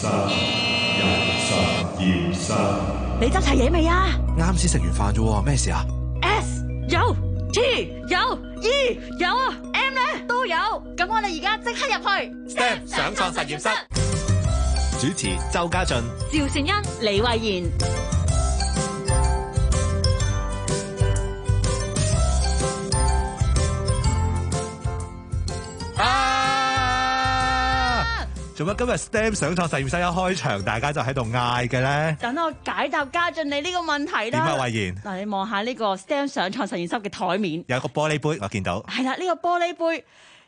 三、一、三、二、三。你執齊嘢未啊？啱先食完飯啫，咩事啊？S 有，T 有，E 有，M 呢都有。咁我哋而家即刻入去。Step 上創實驗室。主持：周家俊、趙善恩、李慧嫻。做乜今日 STEM 上堂實驗室一開場，大家就喺度嗌嘅咧？等我解答家俊你呢個問題啦。點解慧然？嗱，你望下呢個 STEM 上堂實驗室嘅台面，有一個玻璃杯，我見到。係啦，呢個玻璃杯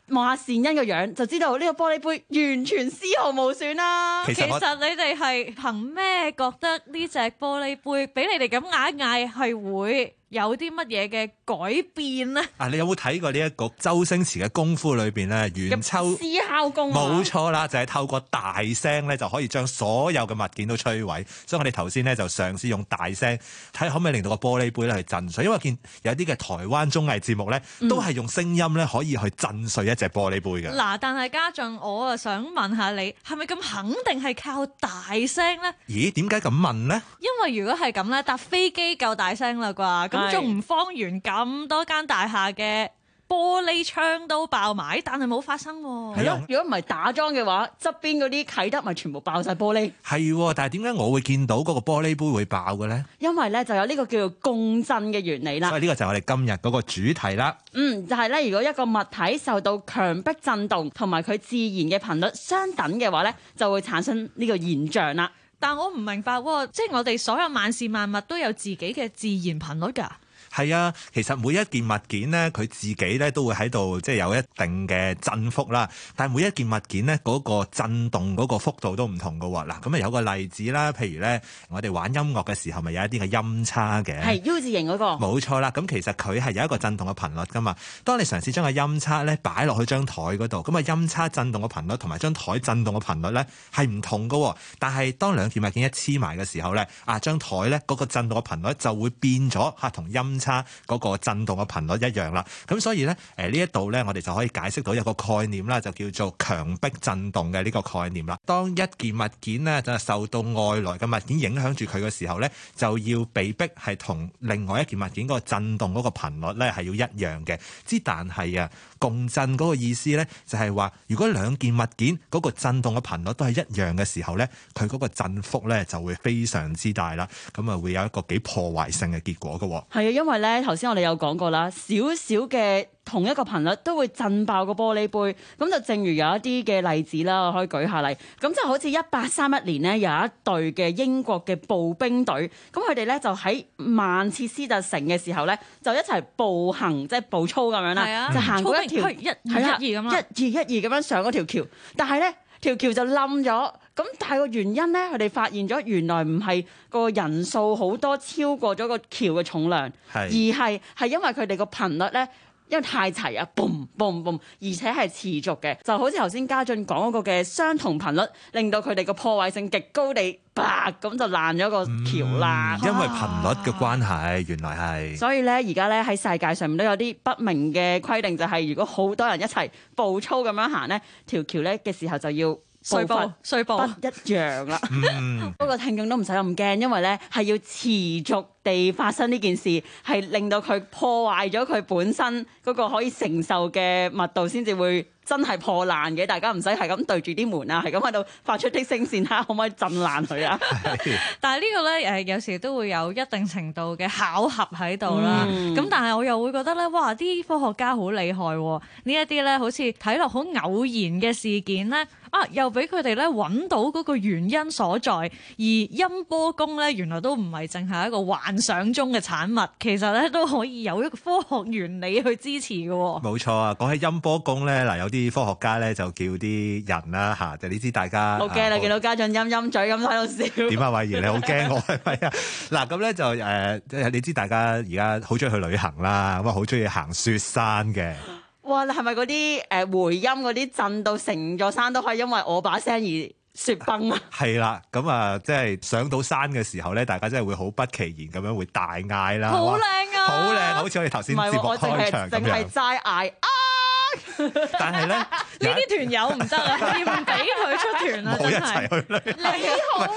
望下善欣個樣，就知道呢個玻璃杯完全絲毫無損啦。其實，其實你哋係憑咩覺得呢隻玻璃杯俾你哋咁嗌嗌係會？有啲乜嘢嘅改變呢？啊，你有冇睇過呢一局周星馳嘅功夫裏邊咧？元秋獅吼功，冇錯啦，就係、是、透過大聲咧就可以將所有嘅物件都摧毀。所以我哋頭先咧就嘗試用大聲睇可唔可以令到個玻璃杯咧去震碎，因為我見有啲嘅台灣綜藝節目咧都係用聲音咧可以去震碎一隻玻璃杯嘅。嗱、嗯，但係家俊，我啊想問下你，係咪咁肯定係靠大聲呢？咦？點解咁問呢？因為如果係咁呢，搭飛機夠大聲啦啩？啊仲唔方圓咁多間大廈嘅玻璃窗都爆埋，但係冇發生。係咯，如果唔係打樁嘅話，側邊嗰啲啟德咪全部爆晒玻璃。係，但係點解我會見到嗰個玻璃杯會爆嘅咧？因為咧就有呢個叫做共振嘅原理啦。所以呢個就係我哋今日嗰個主題啦。嗯，就係咧，如果一個物體受到強迫震動，同埋佢自然嘅頻率相等嘅話咧，就會產生呢個現象啦。但我唔明白喎，即我哋所有萬事萬物都有自己嘅自然頻率㗎。係啊，其實每一件物件呢，佢自己呢都會喺度即係有一定嘅振幅啦。但係每一件物件呢，嗰個振動嗰個幅度都唔同嘅喎。嗱、啊，咁啊有個例子啦，譬如呢，我哋玩音樂嘅時候，咪有一啲嘅音叉嘅。係 U 字形嗰個。冇錯啦，咁其實佢係有一個震動嘅頻率㗎嘛。當你嘗試將個音叉呢擺落去張台嗰度，咁啊音叉震動嘅頻率同埋張台震動嘅頻率呢係唔同嘅喎。但係當兩件物件一黐埋嘅時候呢，啊張台呢嗰個振動嘅頻率就會變咗吓，同音。差嗰個振動嘅頻率一樣啦，咁所以咧，誒呢一度咧，我哋就可以解釋到有個概念啦，就叫做強迫震動嘅呢個概念啦。當一件物件咧，就係受到外來嘅物件影響住佢嘅時候咧，就要被逼係同另外一件物件嗰個振動嗰個頻率咧，係要一樣嘅。之但係啊，共振嗰個意思咧就係話，如果兩件物件嗰個振動嘅頻率都係一樣嘅時候咧，佢嗰個振幅咧就會非常之大啦。咁啊，會有一個幾破壞性嘅結果嘅。係啊，因為因為咧，頭先我哋有講過啦，少少嘅同一個頻率都會震爆個玻璃杯。咁就正如有一啲嘅例子啦，我可以舉下例。咁就好似一八三一年呢，有一隊嘅英國嘅步兵隊，咁佢哋咧就喺曼徹斯特城嘅時候咧，就一齊步行，即係步操咁樣啦，啊、就行過一條一二一二咁啦，一二一二咁樣上嗰條橋。但係咧。條橋就冧咗，咁但係個原因咧，佢哋發現咗原來唔係個人數好多超過咗個橋嘅重量，是而係係因為佢哋個頻率咧。因為太齊啊，boom boom boom，而且係持續嘅，就好似頭先嘉俊講嗰個嘅相同頻率，令到佢哋個破壞性極高地，啪咁就爛咗個橋啦、嗯。因為頻率嘅關係，啊、原來係。所以呢，而家呢，喺世界上面都有啲不明嘅規定，就係、是、如果好多人一齊步操咁樣行呢條橋呢嘅時候就要碎步碎步，不一樣啦。不過、嗯、 聽眾都唔使咁驚，因為呢係要持續。地發生呢件事係令到佢破壞咗佢本身嗰個可以承受嘅密度，先至會真係破爛嘅。大家唔使係咁對住啲門啊，係咁喺度發出啲聲線嚇，可唔可以震爛佢啊？ 但係呢個呢，誒，有時都會有一定程度嘅巧合喺度啦。咁、嗯、但係我又會覺得呢：「哇！啲科學家好厲害，呢一啲呢，好似睇落好偶然嘅事件呢，啊，又俾佢哋呢揾到嗰個原因所在。而音波功呢，原來都唔係淨係一個玩。幻想中嘅產物，其實咧都可以有一個科學原理去支持嘅、哦。冇錯啊，講起音波功咧，嗱，有啲科學家咧就叫啲人啦、啊、吓、啊、就你知大家，好驚啦，啊、見到家俊陰陰嘴咁喺度笑。點啊，偉賢你好驚我係咪 啊？嗱，咁咧就誒、呃，你知大家而家好中意去旅行啦，咁啊好中意行雪山嘅。哇，你係咪嗰啲誒回音嗰啲震到成座山都可以因為我把聲而？雪崩啊！係啦， 咁啊，即係上到山嘅時候咧，大家真係會好不其然咁樣會大嗌啦，啊，好靚啊，好靚，好似我哋頭先節目開場唔係，我淨係淨係齋嗌啊！ 但係咧呢，呢啲團友唔得啊，要唔俾佢出團啊？一齊去你好嘛？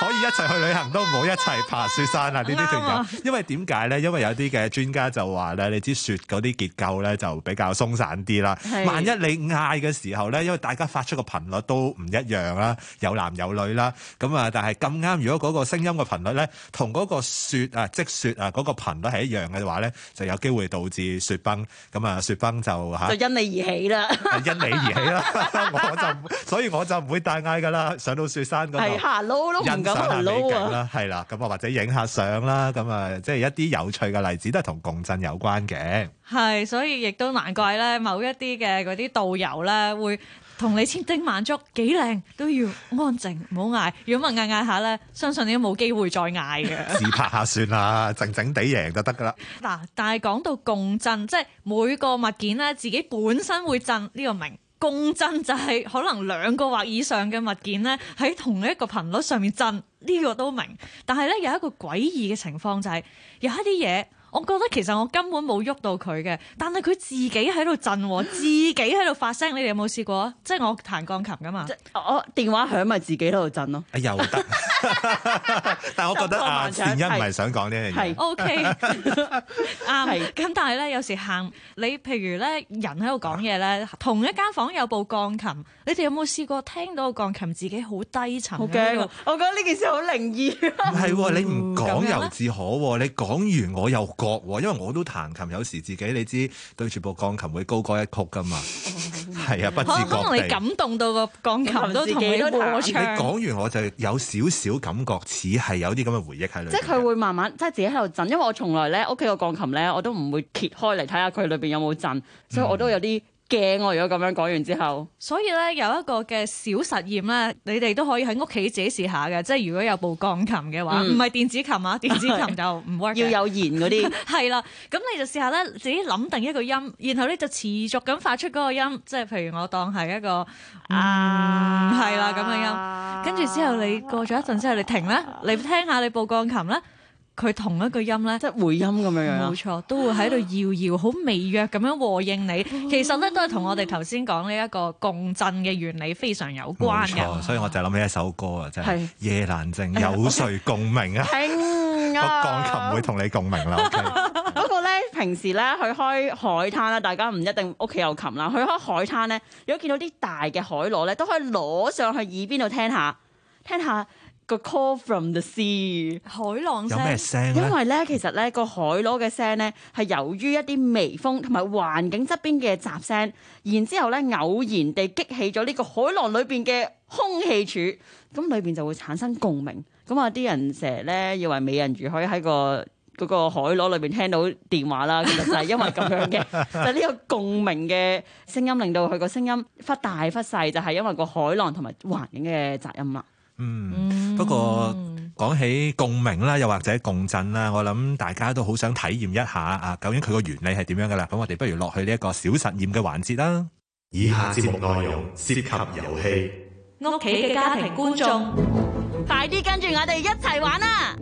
可以一齊去旅行，都唔好一齊爬雪山啊！呢啲情況，因為點解咧？因為有啲嘅專家就話咧，你知雪嗰啲結構咧，就比較鬆散啲啦。萬一你嗌嘅時候咧，因為大家發出個頻率都唔一樣啦，有男有女啦，咁啊，但係咁啱，如果嗰個聲音嘅頻率咧，同嗰個雪啊、積雪啊嗰個頻率係一樣嘅話咧，就有機會導致雪崩。咁啊，雪崩就嚇，就因你而起啦，因你而起啦，我就，所以我就唔會大嗌㗎啦，上到雪山嗰度行路都唔～耍下啦，係啦，咁啊、嗯、的或者影下相啦，咁啊即係一啲有趣嘅例子都係同共振有關嘅。係，所以亦都難怪咧，某一啲嘅嗰啲導遊咧會同你千叮萬囑，幾靚都要安靜，唔好嗌。如果問嗌嗌下咧，相信你都冇機會再嗌嘅。自拍下算啦，靜靜 地贏就得噶啦。嗱， 但係講到共振，即係每個物件咧自己本身會震呢、這個名。共振就係可能兩個或以上嘅物件咧喺同一個頻率上面震，呢、這個都明。但係咧，有一個詭異嘅情況就係、是、有一啲嘢。我覺得其實我根本冇喐到佢嘅，但係佢自己喺度震，自己喺度發聲。你哋有冇試過？即係我彈鋼琴㗎嘛？我電話響咪自己喺度震咯。又得，但係我覺得啊，阿欣唔係想講呢樣嘢。係 OK，啱。咁但係咧，有時行你，譬如咧人喺度講嘢咧，同一間房有部鋼琴，你哋有冇試過聽到鋼琴自己好低沉？好驚！我覺得呢件事好靈異。係喎，你唔講又自可喎，你講完我又。因為我都彈琴，有時自己你知對住部鋼琴會高歌一曲噶嘛，係 啊，不自覺地。可能你感動到個鋼琴都自己都彈。你講完我就有少少感覺，似係有啲咁嘅回憶喺裏邊。即係佢會慢慢即係自己喺度震，因為我從來咧屋企個鋼琴咧我都唔會揭開嚟睇下佢裏邊有冇震，嗯、所以我都有啲。驚我如果咁樣講完之後，所以咧有一個嘅小實驗咧，你哋都可以喺屋企自己試下嘅，即係如果有部鋼琴嘅話，唔係、嗯、電子琴啊，電子琴就唔 work。要有弦嗰啲。係啦， 咁你就試下咧，自己諗定一個音，然後咧就持續咁發出嗰個音，即係譬如我當係一個，啊，係啦咁嘅音，跟住之後你過咗一陣之後你停啦，你聽下你部鋼琴啦。佢同一個音咧，即係回音咁樣樣，冇錯，都會喺度搖搖，好微弱咁樣和應你。其實咧，都係同我哋頭先講呢一個共振嘅原理非常有關嘅。所以我就諗起一首歌啊，真係是夜難靜，有誰共鳴 Okay. 啊？ 個鋼琴會同你共鳴啦。不過咧，平時咧去開海灘咧，大家唔一定屋企有琴啦。去開海灘咧，如果見到啲大嘅海螺咧，都可以攞上去耳邊度聽下，聽下。個 call from the sea 海浪聲，有咩聲啊？因為咧，其實咧個海螺嘅聲咧係由於一啲微風同埋環境側邊嘅雜聲，然之後咧偶然地激起咗呢個海浪裏邊嘅空氣柱，咁裏邊就會產生共鳴。咁啊，啲人成日咧以為美人魚可以喺、嗰個嗰、嗰個海螺裏邊聽到電話啦，其實就係因為咁樣嘅， 就呢個共鳴嘅聲音令到佢個聲音忽大忽細，就係因為個海浪同埋環境嘅雜音啦。嗯，不過講、嗯、起共鳴啦，又或者共振啦，我諗大家都好想體驗一下啊！究竟佢個原理係點樣噶啦？咁我哋不如落去呢一個小實驗嘅環節啦。以下節目內容涉及遊戲，屋企嘅家庭觀眾， 快啲跟住我哋一齊玩啦！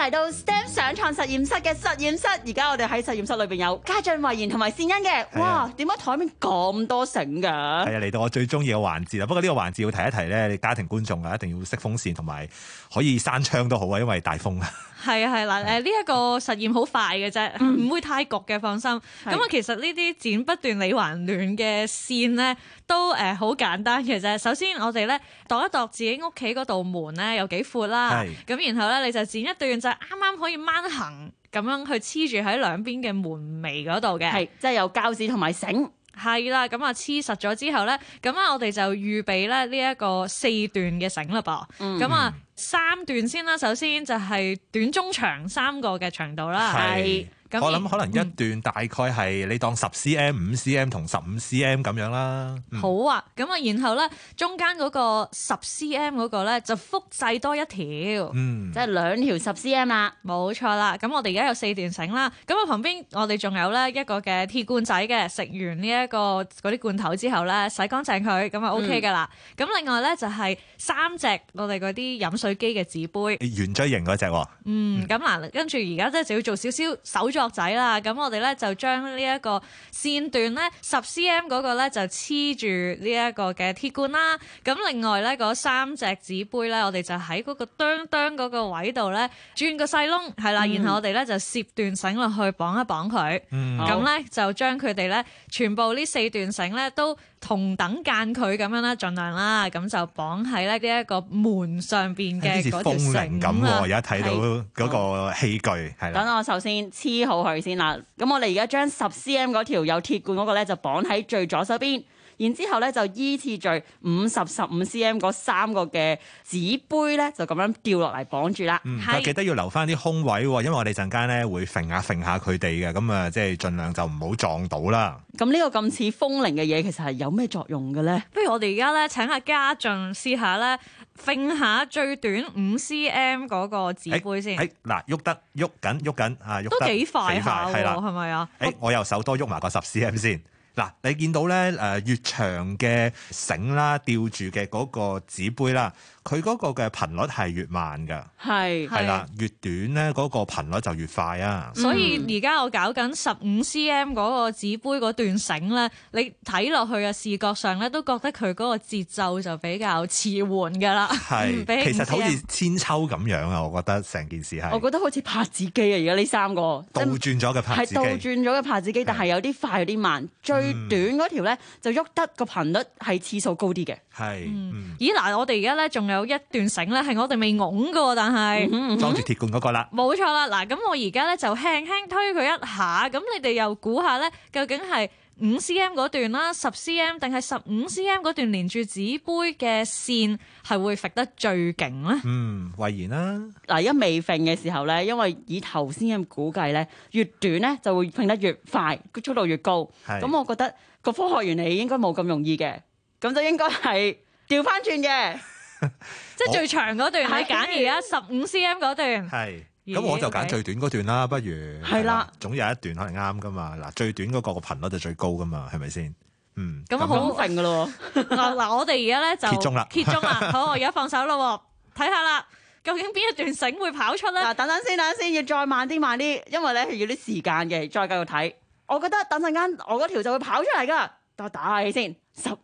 嚟到 STEM 上創實驗室嘅實驗室，而家我哋喺實驗室裏邊有家俊、慧賢同埋善恩嘅。啊、哇，點解台面咁多繩㗎？係啊，嚟到我最中意嘅環節啦。不過呢個環節要提一提咧，你家庭觀眾啊，一定要熄風扇同埋可以閂窗都好啊，因為大風啊。 係啊係啦，誒呢一個實驗好快嘅啫，唔、嗯、會太焗嘅，放心。咁啊的，其實呢啲剪不斷理還亂嘅線咧，都誒好簡單嘅啫。首先我哋咧度一度自己屋企嗰道門咧有幾闊啦，咁的然後咧你就剪一段就啱啱可以掹行咁樣去黐住喺兩邊嘅門楣嗰度嘅，即係有膠紙同埋繩。係啦，咁啊黐實咗之後咧，咁啊我哋就預備咧呢一個四段嘅繩啦噃，咁啊、嗯、三段先啦，首先就係短、中、長三個嘅長度啦。係。我諗可能一段大概係你當十 cm，嗯、五 cm 同十五 cm 咁樣啦。嗯、好啊，咁啊然後咧中間嗰個十 cm 嗰個咧就複製多一條，嗯，即係兩條十 cm 啦。冇錯啦，咁我哋而家有四段繩啦。咁啊旁邊我哋仲有咧一個嘅鐵罐仔嘅，食完呢、這、一個嗰啲罐頭之後咧洗乾淨佢，咁啊 OK 噶啦。咁、嗯、另外咧就係、是、三隻我哋嗰啲飲水機嘅紙杯，圓錐形嗰隻。嗯，咁嗱，跟住而家即係就要做少少手角仔啦，咁我哋咧就將呢一個線段咧十 cm 嗰個咧就黐住呢一個嘅鐵罐啦。咁另外咧嗰三隻紙杯咧，我哋就喺嗰個當當嗰個位度咧轉個細窿，係啦，嗯、然後我哋咧就攝斷繩落去綁一綁佢。咁咧、嗯、就將佢哋咧全部呢四段繩咧都。同等間距咁樣啦，盡量啦，咁就綁喺咧呢一個門上邊嘅嗰條繩咁啦。好似風鈴咁喎，而家睇到嗰個器具係、嗯、啦。等我首先黐好佢先啦。咁我哋而家將十 cm 嗰條有鐵罐嗰個咧，就綁喺最左手邊。然之後咧，就依次序五、十、十五 cm 嗰三個嘅紙杯咧，就咁樣掉落嚟綁住啦。係記得要留翻啲空位，因為我哋陣間咧會揈下揈下佢哋嘅，咁啊，即係儘量就唔好撞到啦。咁呢個咁似風鈴嘅嘢，其實係有咩作用嘅咧？不如我哋而家咧請下家俊試下咧揈下最短五 cm 嗰個紙杯先。嗱，喐得喐緊，喐緊啊，喐得幾快下喎？係咪啊？哎，我又手多喐埋個十 cm 先。嗱，你見到咧誒，越、呃、長嘅繩啦，吊住嘅嗰個紙杯啦。佢嗰個嘅頻率係越慢噶，係係是啦，的越短咧嗰個頻率就越快啊！所以而家我搞緊十五 cm 嗰個紙杯嗰段繩咧，你睇落去嘅視覺上咧，都覺得佢嗰個節奏就比較遲緩噶啦，係其實好似韆鞦咁樣啊！我覺得成件事係我覺得好似拍子機啊！而家呢三個即倒轉咗嘅拍子機，倒轉咗嘅拍子機，對但係有啲快有啲慢，最短條咧就喐得個頻率係次數高啲嘅，係是、嗯、咦嗱，我哋而家咧仲。有一段繩咧係我哋未拱過，但係裝住鐵罐嗰個啦，冇錯啦。嗱，咁我而家咧就輕輕推佢一下，咁你哋又估下咧，究竟係五 C M 嗰段啦，十 C M 定係十五 C M 嗰段連住紙杯嘅線係會甩得最勁咧？嗯，威然啦。嗱，一未甩嘅時候咧，因為以頭先咁估計咧，越短咧就會甩得越快，個速度越高。咁是我覺得個科學原理應該冇咁容易嘅，咁就應該係調翻轉嘅。 即係最長嗰段、段，係揀而家十五 cm 嗰段。係，咁我就揀最短嗰段啦。不如係啦，的總有一段可能啱噶嘛。嗱，最短嗰個個頻率就最高噶嘛，係咪先？嗯，咁好勁噶咯。嗱嗱、嗯， 我哋而家咧就跌中啦，跌 中啦。好，我而家放手咯，睇下啦，究竟邊一段繩會跑出咧？嗱，等等先，等等先，要再慢啲，慢啲，因為咧係要啲時間嘅。再繼續睇，我覺得等陣間我嗰條就會跑出嚟噶。打打下氣先。十五，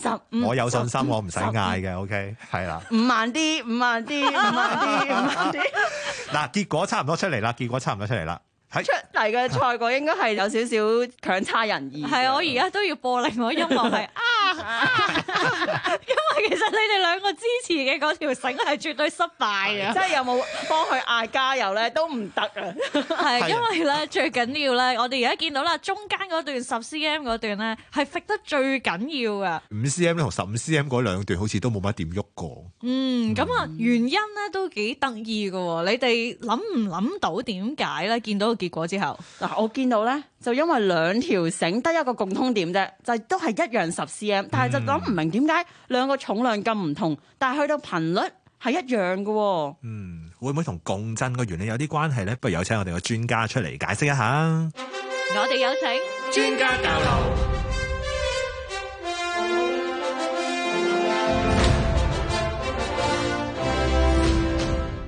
十五，15, 15, 我有信心，我，我唔使嗌嘅，OK，係啦，五萬啲， 五萬啲，五萬啲，五萬啲。嗱，結果差唔多出嚟啦，結果差唔多出嚟啦。出嚟嘅賽果應該係有少少強差人意。係是，的我而家都要播另外音樂係 啊，啊 因為其實你哋兩個支持嘅嗰條繩係絕對失敗嘅，即係的有冇幫佢嗌加油咧都唔得啊！係因為咧的最緊要咧，我哋而家見到啦，中間嗰段十 cm 嗰段咧係揈得最緊要嘅。五 cm 同十五 cm 嗰兩段好似都冇乜點喐過。嗯，咁啊原因咧都幾得意嘅喎，你哋諗唔諗到點解咧見到？結果之後，嗱我見到咧，就因為兩條繩得一個共通點啫，就都係一樣十 cm，但係就諗唔明點解兩個重量咁唔同，但係去到頻率係一樣嘅，哦。嗯，會唔會同共振嘅原理有啲關係咧？不如有請我哋個專家出嚟解釋一下。我哋有請專家教路。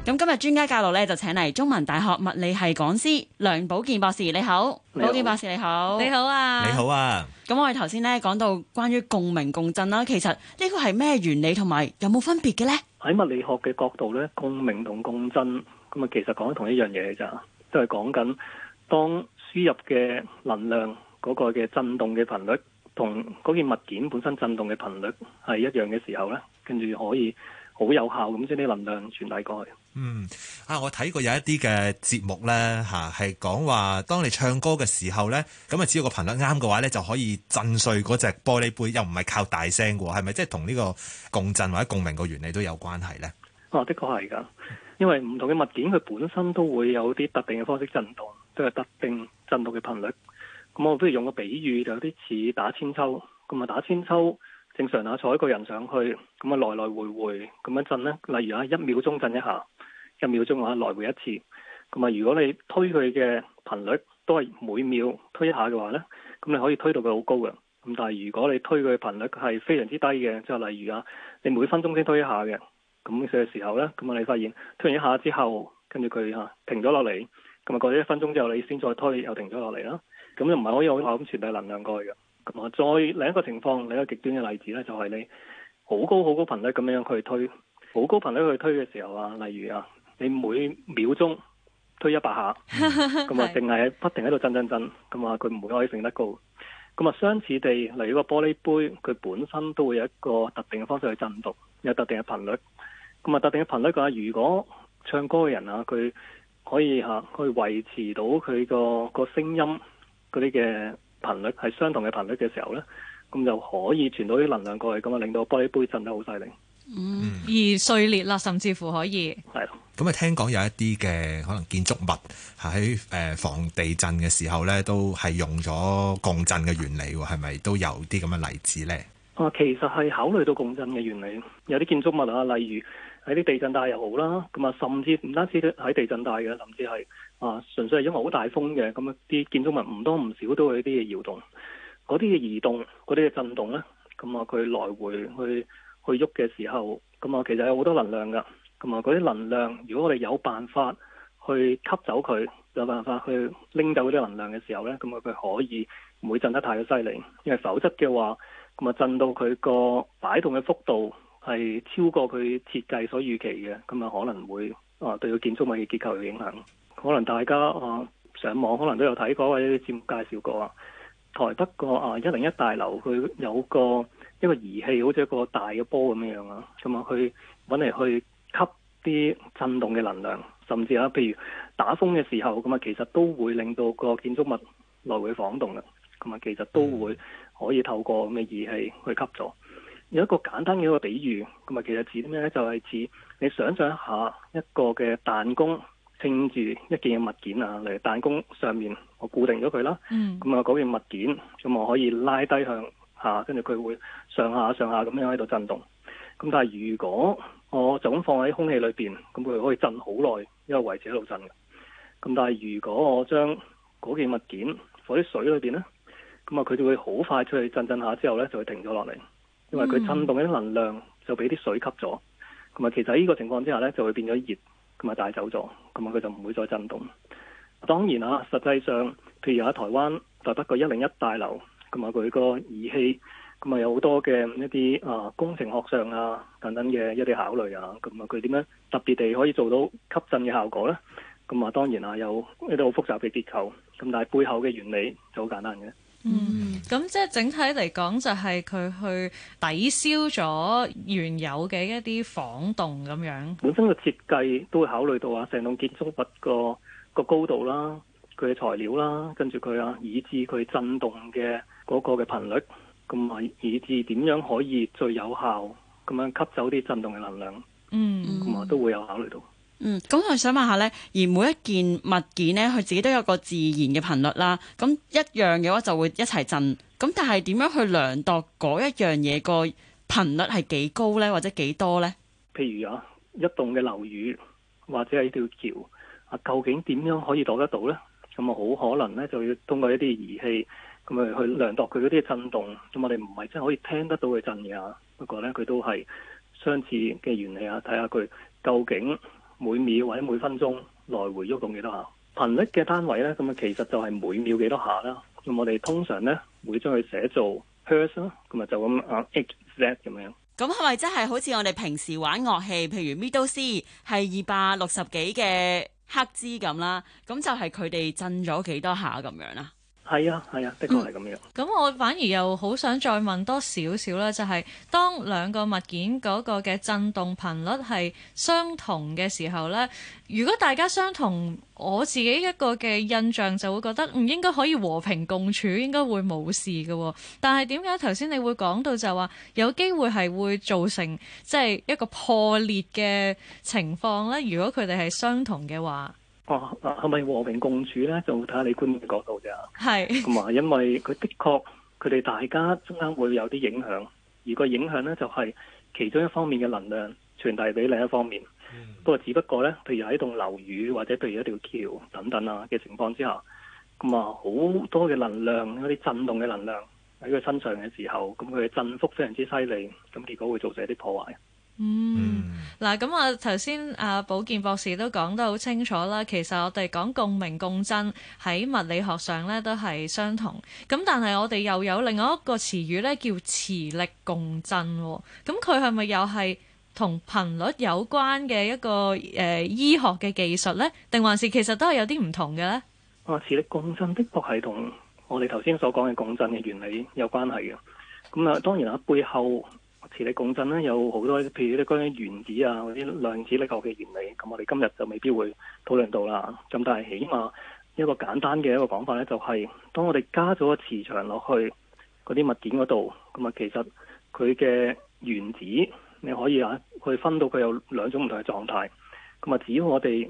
咁今日專家教路咧，就請嚟中文大學物理系講師梁寶健博士，你好。寶健博士你好。你好啊。你好啊。咁我哋頭先咧講到關於共鳴共振啦，其實呢個係咩原理同埋有冇分別嘅咧？喺物理學嘅角度咧，共鳴同共振咁啊，其實講緊同一樣嘢嘅咋，都係講緊當輸入嘅能量嗰個嘅震動嘅頻率同嗰件物件本身震動嘅頻率係一樣嘅時候咧，跟住可以好有效咁將啲能量傳遞過去。嗯啊，我睇過有一啲嘅節目咧，嚇係講話，說說當你唱歌嘅時候咧，咁啊，只要個頻率啱嘅話咧，就可以震碎嗰隻玻璃杯，又唔係靠大聲喎，係咪即係同呢個共振或者共鳴嘅原理都有關係咧？哦、啊，的確係噶，因為唔同嘅物件佢本身都會有啲特定嘅方式震動，即係特定震動嘅頻率。咁、嗯、我不如用個比喻就有啲似打千秋。咁啊，打千秋正常啊，坐一個人上去，咁啊，來來回回咁樣震咧。例如啊，一秒鐘震一下。一秒鐘啊，來回一次。咁、嗯、啊，如果你推佢嘅頻率都係每秒推一下嘅話咧，咁、嗯、你可以推到佢好高嘅。咁、嗯、但係如果你推佢嘅頻率係非常之低嘅，即、就、係、是、例如啊，你每分鐘先推一下嘅咁嘅時候咧，咁、嗯、啊，你發現推完一下之後，跟住佢嚇停咗落嚟，咁啊，嗯、過咗一分鐘之後，你先再推又停咗落嚟啦。咁、嗯嗯、就唔係可以好快咁傳遞能量過去嘅。咁、嗯、啊，再另一個情況，另一個極端嘅例子咧，就係、是、你好高好高頻率咁樣去推，好高頻率去推嘅時候啊，例如啊。你每秒鐘推一百下，咁啊，淨係不停喺度震震震，咁啊，佢唔會可以升得高。咁啊，相似地，例如個玻璃杯，佢本身都會有一個特定嘅方式去振動，有特定嘅頻率。咁啊，特定嘅頻率嘅話，如果唱歌嘅人啊，佢可以吓、啊，去維持到佢、嗰個、嗰個聲音嗰啲嘅頻率係相同嘅頻率嘅時候咧，咁就可以傳到啲能量過去，咁啊，令到玻璃杯震得好犀利。嗯，而碎裂啦，甚至乎可以。係咁啊！ 聽講有一啲嘅可能建築物喺誒防地震嘅時候咧，都係用咗共振嘅原理，係咪都有啲咁嘅例子咧？啊，其實係考慮到共振嘅原理，有啲建築物啊，例如喺啲地震帶又好啦，咁啊，甚至唔單止喺地震帶嘅，甚至係啊，純粹係因為好大風嘅，咁啊，啲建築物唔多唔少都會呢啲嘢搖動，嗰啲嘅移動，嗰啲嘅震動咧，咁啊，佢來回去。去喐嘅時候，咁、嗯、啊，其實有好多能量噶，咁啊嗰啲能量，如果我哋有辦法去吸走佢，有辦法去拎走嗰啲能量嘅時候呢，咁啊佢可以唔會震得太咁犀利，因為否則嘅話，咁、嗯、啊震到佢個擺動嘅幅度係超過佢設計所預期嘅，咁、嗯、啊、嗯、可能會啊對個建築物嘅結構有影響。可能大家啊上網可能都有睇過或者啲節目介紹過啊，台北個啊一零一大樓佢有個。一個儀器好似一個大嘅波咁樣樣啊，咁啊去揾嚟去吸啲震動嘅能量，甚至啊，譬如打風嘅時候，咁啊其實都會令到個建築物來回晃動啦。咁啊其實都會可以透過咁嘅儀器去吸咗。有一個簡單嘅一個比喻，咁啊其實指咩咧？就係、是、指你想象一下一個嘅彈弓，稱住一件嘅物件啊，例如彈弓上面我固定咗佢啦。嗯。咁啊嗰件物件，咁我可以拉低向。嚇、啊，跟住佢會上下上下咁樣喺度震動。咁但係如果我就咁放喺空氣裏邊，咁佢可以震好耐，因為維持喺度震嘅。咁但係如果我將嗰件物件放喺水裏邊咧，咁啊佢就會好快出去震，震下之後咧就會停咗落嚟，因為佢震動嘅能量就俾啲水吸咗，同埋其實喺呢個情況之下咧就會變咗熱，同埋帶走咗，咁啊佢就唔會再震動。當然啊，實際上譬如喺台灣台北個一零一大樓。咁啊佢個儀器，咁啊有好多嘅一啲啊工程學上啊等等嘅一啲考慮啊，咁啊佢點樣特別地可以做到吸震嘅效果咧？咁啊當然啊有一啲好複雜嘅結構，咁但係背後嘅原理就好簡單嘅。嗯，咁即係整體嚟講就係、是、佢去抵消咗原有嘅一啲晃動咁樣。本身個設計都會考慮到啊，成棟建築物個個高度啦，佢嘅材料啦，跟住佢啊以致佢震動嘅。嗰個嘅頻率，咁啊，以至點樣可以最有效咁樣吸走啲震動嘅能量，嗯，咁、嗯、啊都會有考慮到。嗯，咁我想問下呢，而每一件物件呢，佢自己都有個自然嘅頻率啦。咁一樣嘅話就會一齊震。咁但係點樣去量度嗰一樣嘢個頻率係幾高呢？或者幾多呢？譬如啊，一棟嘅樓宇或者係條橋啊，究竟點樣可以度得到呢？咁啊，好可能呢，就要通過一啲儀器。咁咪去量度佢嗰啲震動，咁我哋唔係真係可以聽得到佢震嘅吓，不過咧佢都係相似嘅原理啊，睇下佢究竟每秒或者每分鐘來回喐動幾多下，頻率嘅單位咧，咁啊其實就係每秒幾多下啦，咁我哋通常咧會將佢寫做 hertz 啦，咁啊就咁啊 x a c t 咁樣。咁係咪真係好似我哋平時玩樂器，譬如 middle C 係二百六十幾嘅黑茲咁啦，咁就係佢哋震咗幾多下咁樣啦？係啊，係啊，的確係咁樣。咁、嗯、我反而又好想再問多少少啦，就係、是、當兩個物件嗰個嘅震動頻率係相同嘅時候呢，如果大家相同，我自己一個嘅印象就會覺得唔、嗯、應該可以和平共處，應該會冇事嘅、哦。但係點解頭先你會講到就話有機會係會造成即係、就是、一個破裂嘅情況呢？如果佢哋係相同嘅話？哦，係咪和平共處呢？就睇下你觀眾嘅角度啫。係是。咁啊，因為佢的確，佢哋大家之間會有啲影響。而個影響呢，就係其中一方面嘅能量傳遞俾另一方面。不過、嗯，只不過呢，譬如喺棟樓宇或者譬如一條橋等等啊嘅情況之下，咁啊好多嘅能量嗰啲震動嘅能量喺佢身上嘅時候，咁佢嘅振幅非常之犀利，咁結果會造成一啲破壞。嗯，嗱、嗯，咁啊，頭先阿寶健博士都講得好清楚啦。其實我哋講共鳴共振喺物理學上咧都係相同。咁但係我哋又有另外一個詞語咧叫磁力共振。咁佢係咪又係同頻率有關嘅一個誒、呃、醫學嘅技術呢？定還是其實都係有啲唔同嘅呢？啊，磁力共振的確係同我哋頭先所講嘅共振嘅原理有關係嘅。咁啊，當然啦、啊，背後。磁力共振咧有好多，譬如啲關於原子啊嗰啲量子力學嘅原理，咁我哋今日就未必會討論到啦。咁但係起碼一個簡單嘅一個講法咧，就係當我哋加咗個磁場落去嗰啲物件嗰度，咁啊其實佢嘅原子你可以啊去分到佢有兩種唔同嘅狀態。咁啊只要我哋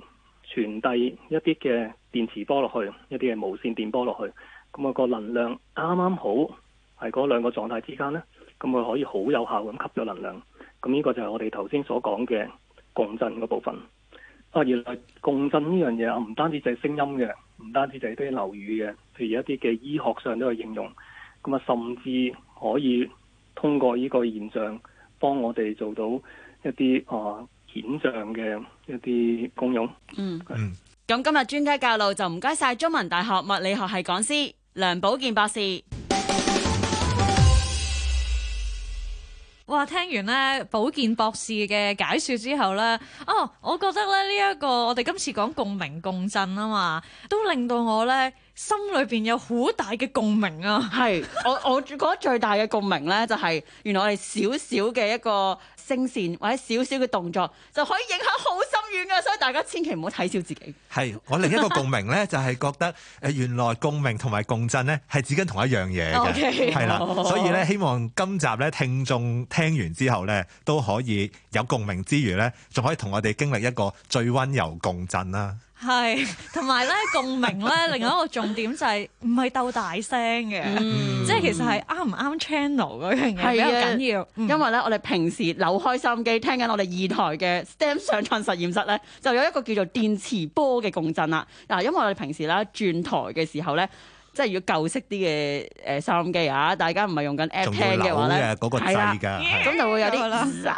傳遞一啲嘅電磁波落去，一啲嘅無線電波落去，咁啊個能量啱啱好係嗰兩個狀態之間咧。咁佢可以好有效咁吸咗能量，咁、這、呢個就係我哋頭先所講嘅共振個部分。啊，原來共振呢樣嘢啊，唔單止就係聲音嘅，唔單止就係啲樓宇嘅，譬如一啲嘅醫學上都有應用，咁啊，甚至可以通過呢個現象幫我哋做到一啲啊、呃、顯像嘅一啲功用。嗯，咁是、嗯、今日專家教路就唔該晒，中文大學物理學系講師梁寶健博士。哇！聽完咧寶健博士嘅解說之後咧，哦，我覺得咧呢一個我哋今次講共鳴共振啊嘛，都令到我咧。心裏邊有好大嘅共鳴啊！係， 我我覺得最大嘅共鳴呢，就係、是、原來我哋小小嘅一個聲線或者小小嘅動作，就可以影響好深遠嘅，所以大家千祈唔好睇小自己。係， 我另一個共鳴呢，就係、是、覺得誒原來共鳴同埋共振呢，係指緊同一樣嘢嘅，係啦 Okay.，所以呢，希望今集呢，聽眾聽完之後呢，都可以有共鳴之餘呢，仲可以同我哋經歷一個最温柔共振啦。係，同埋咧，共鳴咧，另外一個重點就係唔係鬥大聲嘅，嗯、即係其實係啱唔啱 channel 嗰樣嘢比較緊要。啊嗯、因為咧，我哋平時扭開收音機聽緊我哋二台嘅 STEM 上創實驗室咧，就有一個叫做電磁波嘅共振啦。嗱，因為我哋平時啦轉台嘅時候咧，即係如果舊式啲嘅誒收音機啊，大家唔係用緊 app 聽嘅話咧，係啦、啊，真、yeah, 就會有啲。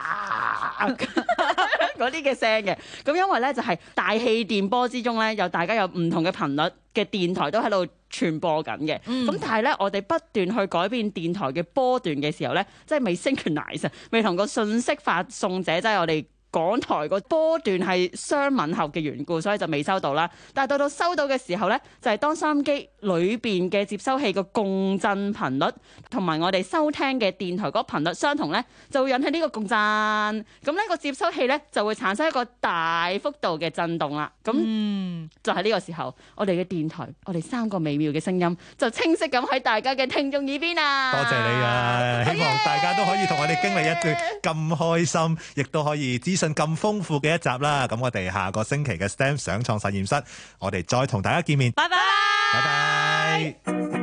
嗰啲嘅聲嘅，咁因為咧就係大氣電波之中咧，有大家有唔同嘅頻率嘅電台都喺度傳播緊嘅，咁、嗯、但係咧，我哋不斷去改變電台嘅波段嘅時候咧，即係未 synchronize，未同個信息發送者即係我哋。港台個波段係相吻合嘅緣故，所以就未收到啦。但係到到收到嘅時候咧，就係、是、當收音機裏邊嘅接收器個共振頻率同埋我哋收聽嘅電台嗰個頻率相同咧，就會引起呢個共振。咁呢個接收器咧就會產生一個大幅度嘅震動啦。咁就喺呢個時候，我哋嘅電台，我哋三個美妙嘅聲音就清晰咁喺大家嘅聽眾耳邊啊！多謝、謝你啊！希望大家都可以同我哋經歷一段咁開心，亦都可以咁豐富嘅一集啦，咁我哋下個星期嘅 STEM 想創實驗室，我哋再同大家見面。拜拜，拜拜。